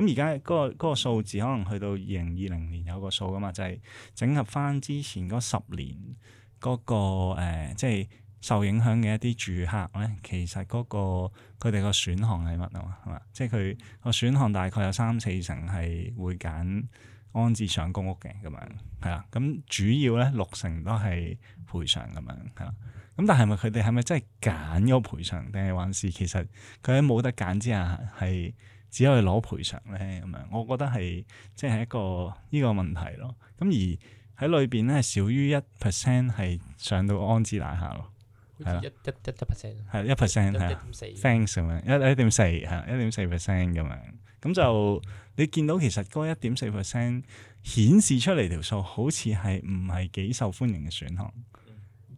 咁而家嗰個嗰個數字可能去到二零二零年有個數噶嘛，就係、是、整合翻之前嗰十年嗰、那個、呃、即係受影響嘅一啲住客咧，其實嗰、那個佢哋個選項係乜啊？係嘛，即係佢個選項大概有三四成係會揀安置上公屋嘅咁樣，係啦。咁主要咧六成都係賠償咁樣，係啦。咁但係咪佢哋係咪真係揀嗰個賠償，定係還是其實佢喺冇得揀之下係？只可以攞賠償咧咁樣，我覺得係即係一個呢、這個問題咯。咁而喺裏邊咧，少於一 percent 係上到安置大廈咯，係一一一一 percent，係一 percent 係，thanks 咁樣一一點四係一點四 percent 咁樣。咁就你見到其實嗰一點四 percent 顯示出嚟條數，好似係唔係幾受歡迎嘅選項，嗯、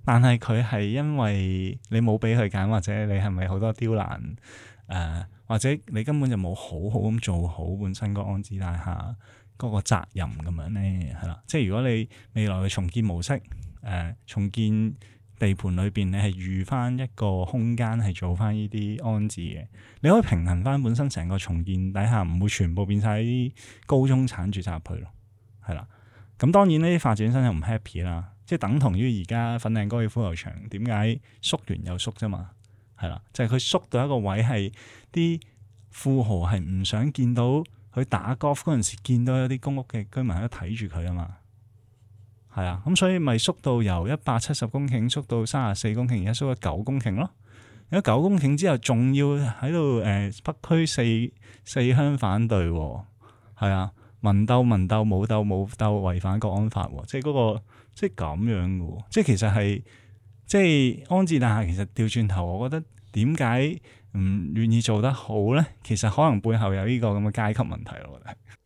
但係佢係因為你冇俾佢揀，或者你係咪好多刁難誒？呃或者你根本就冇好好咁做好本身個安置大廈嗰個責任咁樣咧，係啦。即係如果你未來嘅重建模式，誒、呃、重建地盤裏邊，你係預翻一個空間，係做翻呢啲安置嘅，你可以平衡翻本身成個重建底下唔會全部變晒啲高中產住宅去咯，係啦。咁當然呢啲發展商又唔 happy 啦，即係等同於而家粉嶺高爾夫球場點解縮完又縮啫嘛？係啦，就係佢縮到一個位，係啲富豪係唔想見到佢打 golf 嗰陣時，見到有啲公屋嘅居民喺度睇住佢啊嘛。係啊，咁所以咪縮到由一百七十公頃縮到三十四公頃，而家縮到九公頃咯。而家九公頃之後仲要喺度誒北區四四鄉反對，係啊，文鬥文鬥，武鬥武鬥，違反國安法，即係、那、嗰個即係咁樣嘅，即係其實係。即係安置大廈但係其實調轉頭，我覺得點解唔願意做得好咧？其實可能背後有呢個咁嘅階級問題咯。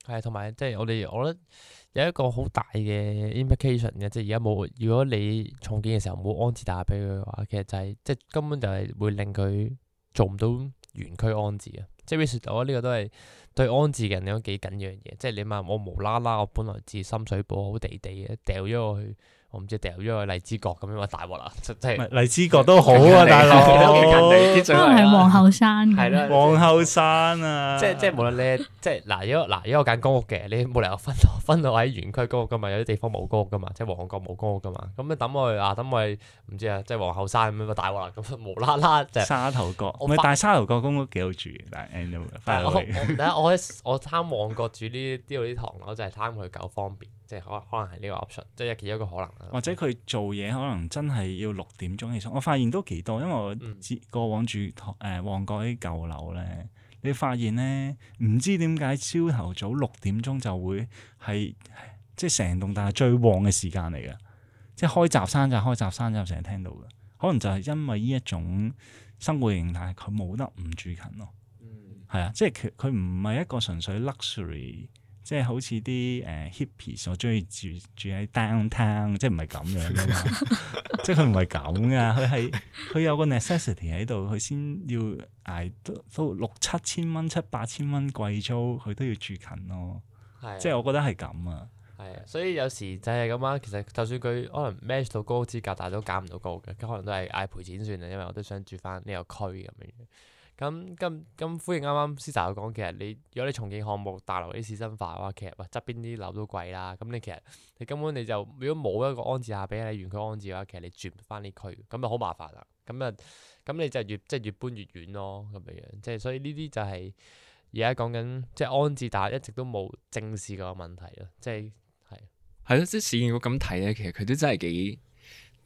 係， <laughs> 同埋即係我哋我覺得有一個好大嘅 implication 嘅，即係而家冇如果你重建嘅時候冇安置大廈俾佢嘅話，其實就係、係、即係根本就係會令佢做唔到原區安置啊！即係我覺得呢個都係對安置嘅人都幾緊要嘅嘢。即係你問我無啦啦，我本來自深水埗好地地嘅，掉咗我去。唔知掉咗去荔枝角咁樣，咪大鑊啦！即係荔枝角都好啊，大佬。可能係皇后山嘅。係啦，皇后山啊，即係即係無論你即係嗱，如果嗱如果我揀公屋嘅，你冇理由分到分到喺原區公屋噶嘛？有啲地方冇公屋噶嘛，即係旺角冇公屋噶嘛。咁你抌去啊？抌去唔知啊？即係皇后山咁樣，咪大鑊啦！咁無啦啦就沙頭角。唔係，但係沙頭角公屋幾好住嘅，但係 end 咗。但係我我我貪旺角住呢啲嗰啲唐樓咯，就係貪佢夠方便。即係可可能係呢個 option，即係其中一個可能。或者佢做嘢可能真係要六點鐘起身，我發現都幾多，因為我知過往住誒、呃、旺角啲舊樓咧，你發現咧唔知點解朝頭早六點鐘就會係即係成棟，大廈最旺嘅時間嚟嘅，即係開閘聲就是、開閘聲就成、是、日聽到嘅，可能就係因為呢一種生活形態，佢冇得唔住近咯。嗯，係啊，即係佢佢唔係一個純粹 luxury。即係好似啲誒 hippies，我中意住住喺 downtown，即係唔係咁樣㗎嘛？ <laughs> 即係佢唔係咁㗎，佢係佢有個 necessity 喺度，佢先要捱都六七千蚊、七八千蚊貴租，佢都要住近咯。係啊，即係我覺得係咁啊。係啊，所以有時就係咁啊。其實就算佢可能 match 到高資格，但係都減唔到高嘅，佢可能都係嗌賠錢算啦。因為我都想住翻呢個區咁樣。咁咁咁歡迎啱啱思澤佢講，其實你如果你重建項目大樓啲仕紳化嘅話，其實嘩側邊啲樓都貴啦。咁你其實你根本你就如果冇一個安置下俾你，原區安置嘅話，其實你轉翻呢區，咁咪好麻煩啦。咁啊咁你就越即係越搬越遠咯，咁嘅樣。即係所以呢啲就係而家講緊，即係安置，但一直都冇正視過問題咯。即係係係咯，即係市建局咁睇咧，其實佢都真係幾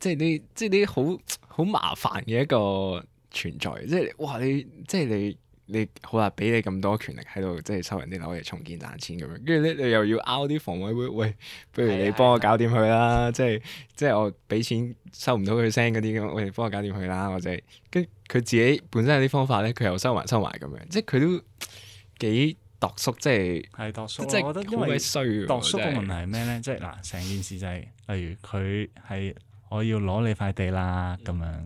即係啲即係啲好好麻煩嘅一個。存在，即係哇！你即係你，你好啦俾你咁多權力喺度，即係收人啲樓嚟重建賺錢咁樣，跟住咧你又要拗啲房委會，喂，不如你幫我搞掂佢啦，即係即係我俾錢收唔到佢聲嗰啲咁，我哋幫我搞掂佢啦，或者跟佢自己本身有啲方法咧，佢又收埋收埋咁樣，即係佢都幾度縮，即係係度縮，即係我覺得因為度縮嘅問題係咩咧？即係嗱，成件事就係，例如佢係我要攞你塊地啦，咁樣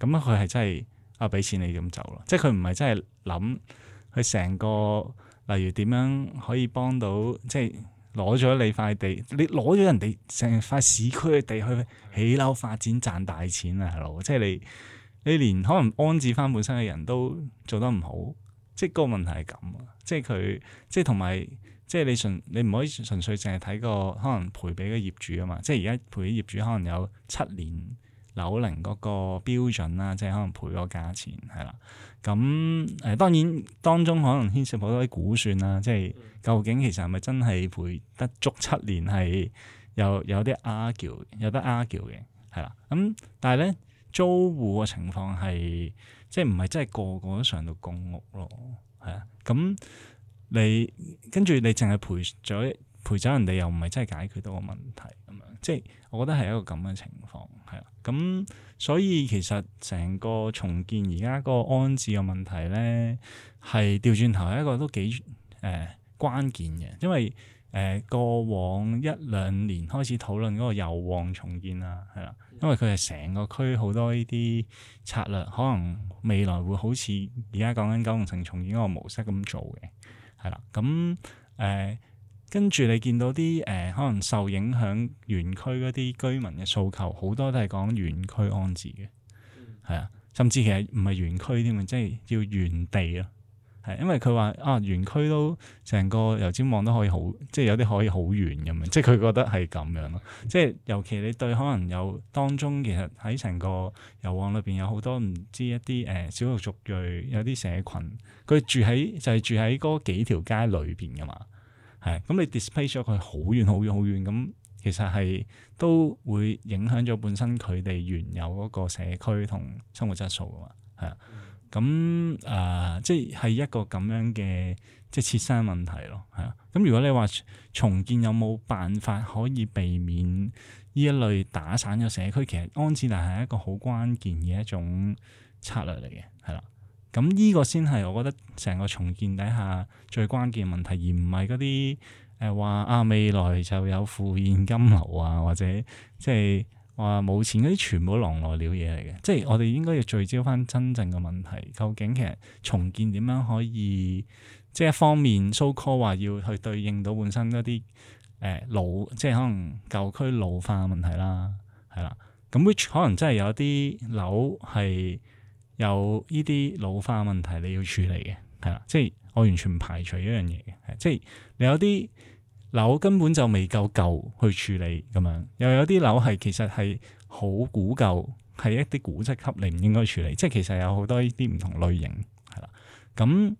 咁啊，佢係真係。我俾錢你咁走咯，即係佢唔係真係諗佢成個，例如點樣可以幫到，即係攞咗你塊地，你攞咗人哋成塊市區嘅地去起樓發展賺大錢啊，係咯，即係你你連可能安置翻本身嘅人都做得唔好，即係個問題係咁啊，即係佢即係同埋即係你純你唔可以純粹淨係睇個可能賠俾個業主啊嘛，即係而家賠俾業主可能有七年。樓齡嗰個標準啦，即係可能賠個價錢係啦。咁誒、嗯、當然當中可能牽涉好多啲估算啦，即係究竟其實係咪真係賠得足七年係有有啲 argue，有得 argue 嘅係啦。咁、嗯、但係咧租戶嘅情況係即係唔係真係個個都上到公屋咯？係啊。咁、嗯、你跟住你淨係賠咗賠走人哋，又唔係真係解決到個問題咁樣。即係我覺得係一個咁嘅情況。咁、嗯、所以其實成個重建而家個安置嘅問題咧，係調轉頭係一個都幾誒、呃、關鍵嘅，因為誒、呃、過往一兩年開始討論嗰個油旺重建啊，係啦，因為佢係成個區好多呢啲策略，可能未來會好似而家講緊九龍城重建嗰個模式咁做嘅，係啦，咁、嗯、誒。嗯嗯跟住你見到啲誒、呃，可能受影響原區嗰啲居民嘅訴求，好多都係講原區安置嘅，係啊、嗯，甚至其實唔係原區添，即係要原地啊，係因為佢話啊，原區都成個油尖旺都可以好，即係有啲可以好遠咁樣，即係佢覺得係咁樣咯。即係尤其你對可能有當中，其實喺成個油旺裏邊有好多唔知一啲誒、呃、少數族裔，有啲社群，佢住喺就係、是、住喺嗰幾條街裏邊噶嘛。係，咁你 displace 咗佢好遠好遠好遠，咁其實係都會影響咗本身佢哋原有嗰個社區同生活質素噶嘛，係啊，咁誒、呃、即係一個咁樣嘅即係切身問題咯，係啊，咁如果你話重建有冇辦法可以避免呢一類打散咗社區，其實安置大廈係一個好關鍵嘅一種策略嚟嘅。咁呢個先係我覺得成個重建底下最關鍵問題，而唔係嗰啲誒話啊未來就有負現金流啊，或者即係話冇錢嗰啲全部狼，狼來了嘢嚟嘅。即係我哋應該要聚焦翻真正嘅問題，究竟其實重建點樣可以即係一方面 so call 話要去對應到本身一啲誒老，即係可能舊區老化嘅問題啦，係啦。咁 which 可能真係有啲樓係。有呢啲老化問題你要處理嘅，係啦，即係我完全唔排除一樣嘢嘅，即係你有啲樓根本就未夠舊去處理咁樣，又有啲樓係其實係好古舊，係一啲古跡級，你唔應該處理，即係其實有好多呢啲唔同類型，係啦。咁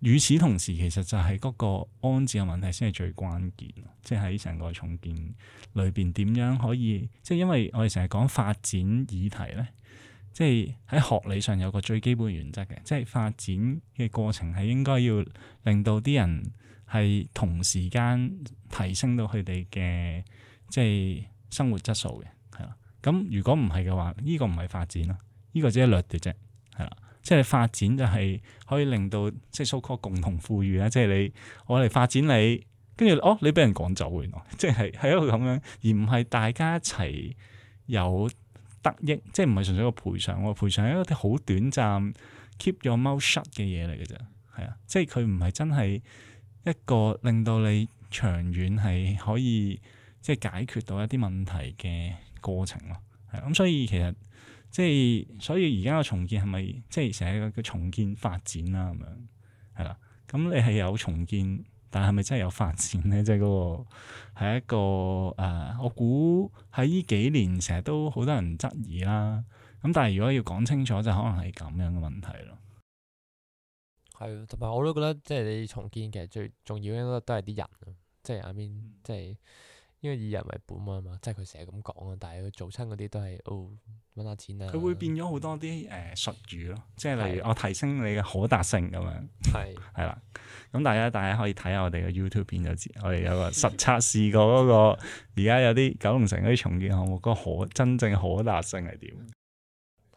與此同時，其實就係嗰個安置嘅問題先係最關鍵，即係喺成個重建裏邊點樣可以，即係因為我哋成日講發展議題咧。即係喺學理上有個最基本原則嘅，即係發展嘅過程係應該要令到啲人係同時間提升到佢哋嘅即係生活質素嘅，係啦。咁如果唔係嘅話，呢個唔係發展啦，呢個只係掠奪啫，係啦。即係發展就係可以令到即係 so-called 共同富裕啦，即係你我嚟發展你，跟住哦你俾人趕走原來，即係喺一個咁樣，而唔係大家一齊有。得益即係唔係純粹個賠償喎？賠償係一個啲好短暫 keep your mouth shut 嘅嘢嚟嘅啫，係啊，即係佢唔係真係一個令到你長遠係可以即係解決到一啲問題嘅過程咯，係啦。咁所以其實即係所以而家嘅重建係咪即係成日叫重建發展啦，咁樣係啦？咁你係有重建？但係咪真係有發展咧？即係嗰個係一個誒、呃，我估喺呢幾年成日都好多人質疑啦。咁但係如果要講清楚，就可能係咁樣嘅問題咯。係，同埋我都覺得即係你重建其實最重要應該都係啲人，即係阿邊，即 <noise> 係。因為以人為本啊嘛，即係佢成日咁講啊，但係佢做親嗰啲都係哦揾下錢啊。佢會變咗好多啲誒術語咯，即係例如我提升你嘅可達性咁樣。係係啦，咁 <laughs> 大家大家可以睇下我哋嘅 YouTube 片就知，我哋有個實測試過嗰個而家有啲九龍城嗰啲重建項目，個可真正可達性係點？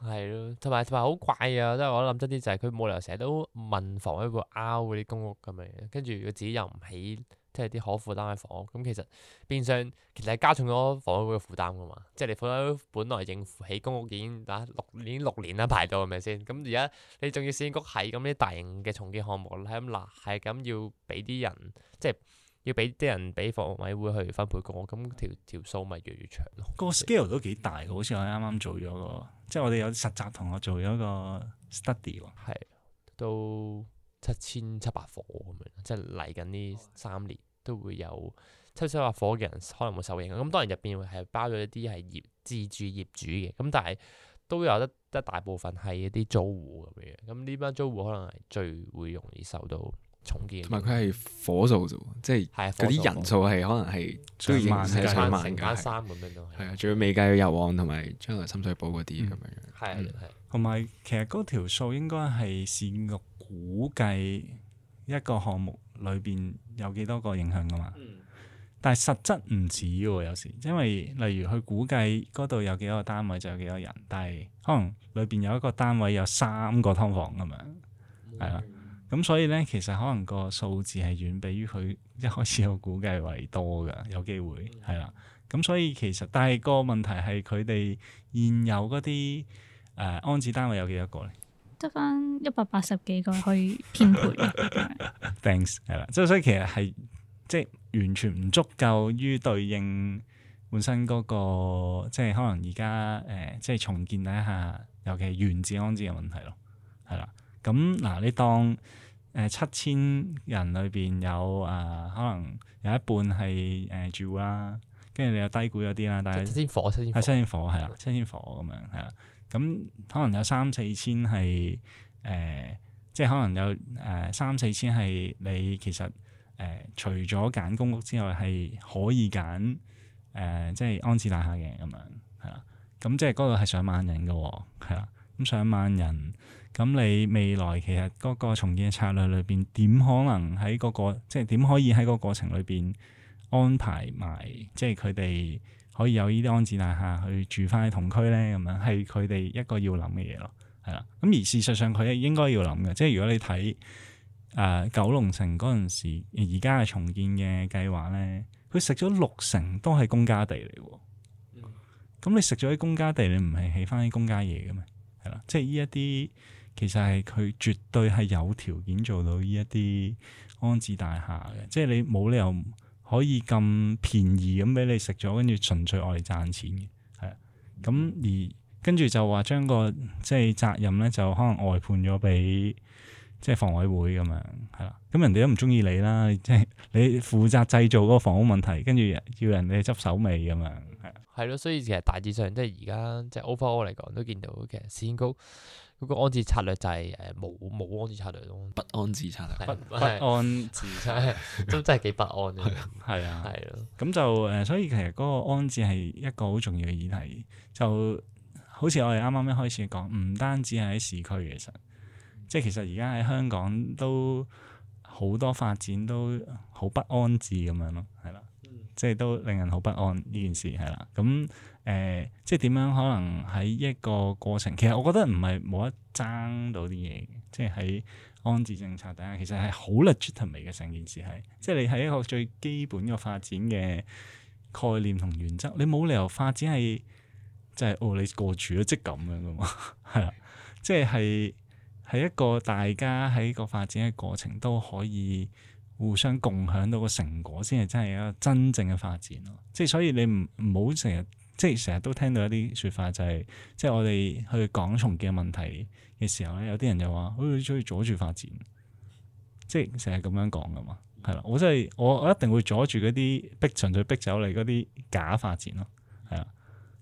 係咯，同埋同埋好怪啊！即係我諗真啲就係佢冇理由成日都問房委會拗嗰啲公屋咁樣，跟住佢自己又唔起。即係啲可負擔嘅房屋，咁其實變相其實係加重咗房委會嘅負擔噶嘛。即係你房委會本來應付起公屋已經打六年六年啦，排到係咪先？咁而家你仲要市建局喺咁啲大型嘅重建項目，係咁嗱，係咁要俾啲人，即係要俾啲人俾房委會去分配公屋，咁條條數咪越嚟越長。個 scale 都幾大，好似我啱啱做咗個，即係我哋有實習同學做咗個 study 咯，係都七千七百夥咁樣，即係嚟緊呢三年。都會有七手八火嘅人可能會受影響。咁當然入邊係包咗一啲係業自住業主嘅，咁但係都有得一大部分係一啲租戶咁樣。咁呢班租戶可能係最會容易受到重建。同埋佢係火數啫，即係嗰啲人數係可能係最然係上萬架咁樣都係。係啊，仲要未計油旺同埋將來深水埗嗰啲咁樣。係係、嗯。同埋、嗯、其實嗰條數應該係市建局估計一個項目。裏邊有幾多個影響噶嘛？嗯、但係實質唔止喎，有時，因為例如佢估計嗰度有幾多個單位就有幾多人，但係可能裏邊有一個單位有三個劏房咁樣，係啦、嗯。咁所以咧，其實可能個數字係遠比於佢一開始有估計為多嘅，有機會係啦。咁、嗯、所以其實，但係個問題係佢哋現有嗰啲誒安置單位有幾多個咧？得翻一百八十幾個去編配，thanks 係啦，即係所以其實係即係完全唔足夠於對應本身嗰、那個即係、就是、可能而家誒即係重建一下，尤其係原址安置嘅問題咯，係啦。咁嗱，你當誒七千人裏邊有誒、呃、可能有一半係誒、呃、住啦，跟住你又低估咗啲啦，但係七千火，係七千火，係啦，七千火咁樣係啦。咁、嗯、可能有三四千係誒、呃，即係可能有誒、呃、三四千係你其實誒、呃，除咗揀公屋之外，係可以揀誒、呃，即係安置大廈嘅咁樣，係啦。咁、嗯、即係嗰度係上萬人嘅、哦，係啦。咁上萬人，咁你未來其實嗰個重建嘅策略裏邊，點可能喺嗰、那個即係點可以喺個過程裏邊安排埋即係佢哋？可以有呢啲安置大廈去住翻喺同區咧，咁樣係佢哋一個要諗嘅嘢咯，係啦。咁而事實上佢應該要諗嘅，即係如果你睇誒、呃、九龍城嗰陣時，而家嘅重建嘅計劃咧，佢食咗六成都係公家地嚟喎。咁、嗯、你食咗啲公家地，你唔係起翻啲公家嘢嘅咩？係啦，即係呢一啲其實係佢絕對係有條件做到呢一啲安置大廈嘅，即係你冇理由。可以咁便宜咁俾你食咗，跟住純粹用嚟賺錢嘅，係啊。咁而跟住就話將個即係責任咧，就可能外判咗俾即係房委會咁樣，係啦。咁人哋都唔鍾意你啦，即係你負責製造嗰個房屋問題，跟住要人哋執手尾咁樣，係啊。係咯，所以其實大致上即係而家即係 overall 嚟講都見到其實市建局。嗰個安置策略就係誒，冇冇安置策略咯，不安置策略，是不不安置策略，都、 <laughs> 嗯、真係幾不安嘅，係 <laughs> 啊，係咯的，咁就誒，所以其實嗰個安置係一個好重要嘅議題，就好似我哋啱啱一開始講，唔單止係喺市區，嘅、其實即係其實而家喺香港都好多發展都好不安置咁樣咯，係啦，即係、嗯、都令人好不安呢件事係啦，咁。誒、呃，即係點樣？可能喺一個過程，其實我覺得唔係冇得爭到啲嘢，即係喺安置政策底下，其實係好 legitimate 嘅成件事係。即係你係一個最基本嘅發展嘅概念同原則，你冇理由發展係即係哦，你過住咗即咁樣噶嘛。係啊，即係係 <laughs> 一個大家喺個發展嘅過程都可以互相共享到個成果，先係真係一個真正嘅發展咯。即係所以你唔唔好成日。即係成日都聽到一啲說法，就係、是、即係我哋去講重建嘅問題嘅時候咧，有啲人就話，好似鍾意阻住發展，即係成日咁樣講噶嘛，係啦。我真係我我一定會阻住嗰啲逼，純粹逼走你嗰啲假發展咯，係啊。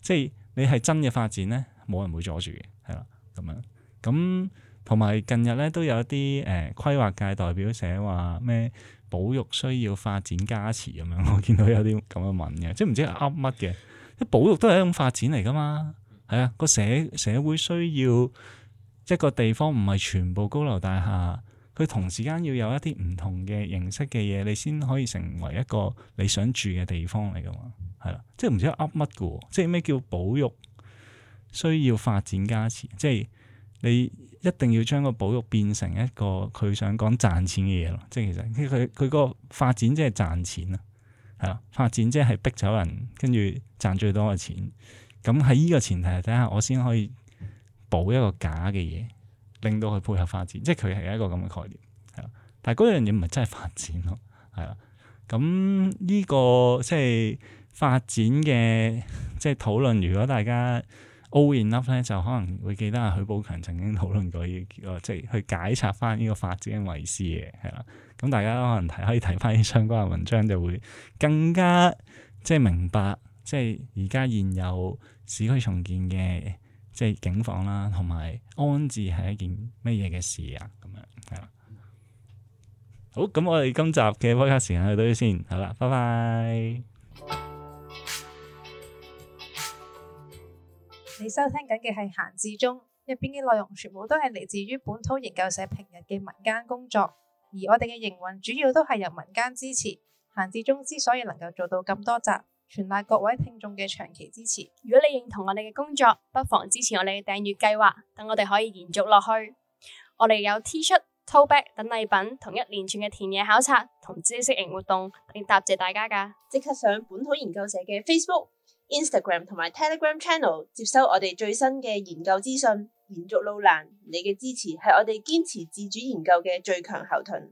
即係你係真嘅發展咧，冇人會阻住嘅，係啦。咁樣咁同埋近日咧，都有一啲誒、呃、規劃界代表寫話咩保育需要發展加持咁樣，我見到有啲咁樣問嘅，即係唔知噏乜嘅。 <laughs> 啲保育都係一種發展嚟㗎嘛，係啊，個社社會需要一個地方唔係全部高樓大廈，佢同時間要有一啲唔同嘅形式嘅嘢，你先可以成為一個你想住嘅地方嚟㗎嘛，係啦，即係唔知噏乜喎，即係咩叫保育？需要發展加持，即係你一定要將個保育變成一個佢想講賺錢嘅嘢咯，即係其實佢佢個發展即係賺錢啊！係咯，發展即係逼走人，跟住賺最多嘅錢，咁喺依個前提底下，我先可以補一個假嘅嘢，令到佢配合發展，即係佢係一個咁嘅概念，係啦。但係嗰樣嘢唔係真係發展咯，係啦。咁依個即係發展嘅即係討論，如果大家。《All In Love》咧就可能會記得阿許寶強曾經討論過呢個，即係去解拆翻呢個發展嘅迷思嘅，係啦。咁、嗯、大家可能睇可以睇翻啲相關嘅文章，就會更加即係明白，即係而家現有市區重建嘅即係境況啦，同埋安置係一件乜嘢嘅事啊？咁樣係啦。好，咁我哋今集嘅 Podcast 時間去到呢先，好啦，拜拜。你收聽緊嘅係閒置中入邊嘅內容，全部都係嚟自於本土研究社平日嘅民間工作，而我哋嘅營運主要都係由民間支持。閒置中之所以能夠做到咁多集，全賴各位聽眾嘅長期支持。如果你認同我哋嘅工作，不妨支持我哋嘅訂閱計劃，等我哋可以延續落去。我哋有 T 恤、Tote Bag 等禮品，同一連串嘅田野考察同知識型活動，嚟答謝大家㗎。即刻上本土研究社嘅 Facebook。Instagram 同埋 Telegram Channel 接收我哋最新嘅研究資訊，延續路難，你嘅支持係我哋堅持自主研究嘅最強後盾。